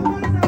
Thank you.